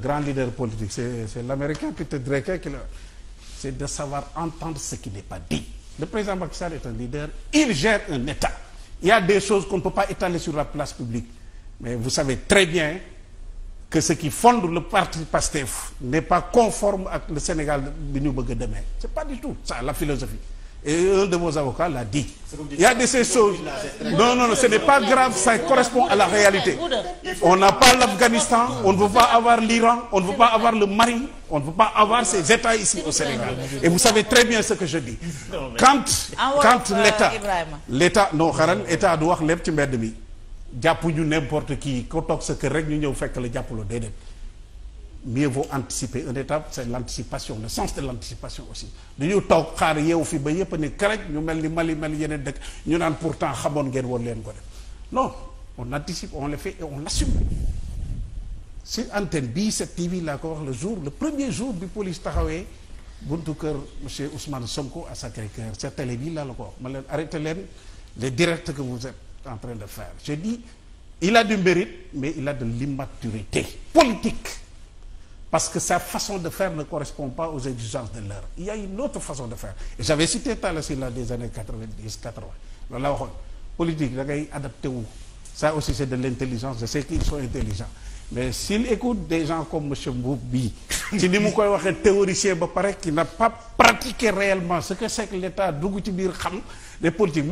grand leader politique c'est c'est l'américain Peter Drucker qui l'a c'est de savoir entendre ce qui n'est pas dit le président Macky Sall est un leader il gère un État il y a des choses qu'on ne peut pas étaler sur la place publique mais vous savez très bien que ce qui fonde le parti PASTEF n'est pas conforme ak le Sénégal bi ñu bëgg a demee c'est pas du tout ça la philosophie Et un de vos avocats l'a dit. Il y a de ces choses. Non, non, non, ce n'est pas grave, ça correspond à la réalité. On n'a pas l'Afghanistan, on ne veut pas avoir l'Iran, on ne veut pas avoir le Mali, on ne veut pas avoir ces États ici au Sénégal. Et vous savez très bien ce que je dis. Quand, quand l'État, l'État, non, xaran État du wax lépp ci mbedd mi jàppuñu n'importe qui ko toog sa kër rek ñu ñëw fekk la jàppaloo déedéet. mieux vaut anticiper une étape c'est l'anticipation le sens de l'anticipation aussi dañu toog xaar yeewu fi ba yépp ni karaj ñu mel ni Mali mel yeneen dëkk ñu naan pourtant xamoon ngeen woon leen ko def non on anticipe on le fait et on l'assume si antenne bii cette TV laa ko wax le jour le premier jour bi police taxawee buntu kër monsieur Ousmane Sonko à Sacré-Cœur sa télé bii laa la ko wax ma leen arrêté leen les directs que vous êtes en de faire j'ai dit il parce que sa façon de faire ne correspond pas aux exigences de l'heure il y a une autre façon de faire et j'avais cité Talasila des années 90 80 loolu laa waxoon politique da ngay adapté wu ça aussi c'est de l'intelligence je sais qu'ils sont intelligents mais s'ils écoutent des gens comme monsieur Mboup bii ci ni mu koy waxee théoricien ba pare qui n'a pas pratiqué réellement ce que c'est que l'État dugg ci biir xam des politiques